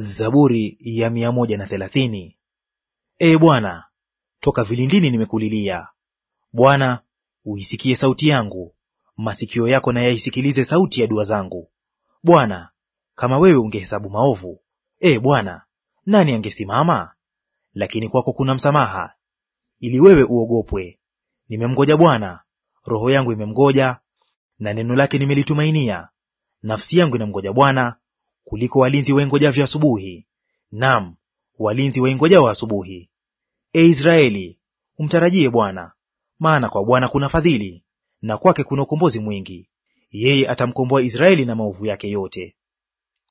Zaburi ya mia moja na thelathini. Ee Bwana, toka vilindini nimekulilia. Bwana, uisikie sauti yangu, masikio yako na yaisikilize sauti ya dua zangu. Bwana, kama wewe ungehesabu maovu, ee Bwana, nani angesimama? Lakini kwako kuna msamaha, ili wewe uogopwe. Nimemngoja Bwana, roho yangu imemngoja, na neno lake nimelitumainia. Nafsi yangu inamngoja Bwana kuliko walinzi waingojavyo asubuhi, nam walinzi waingojao asubuhi. E Israeli, umtarajie Bwana, maana kwa Bwana kuna fadhili, na kwake kuna ukombozi mwingi; yeye atamkomboa Israeli na maovu yake yote.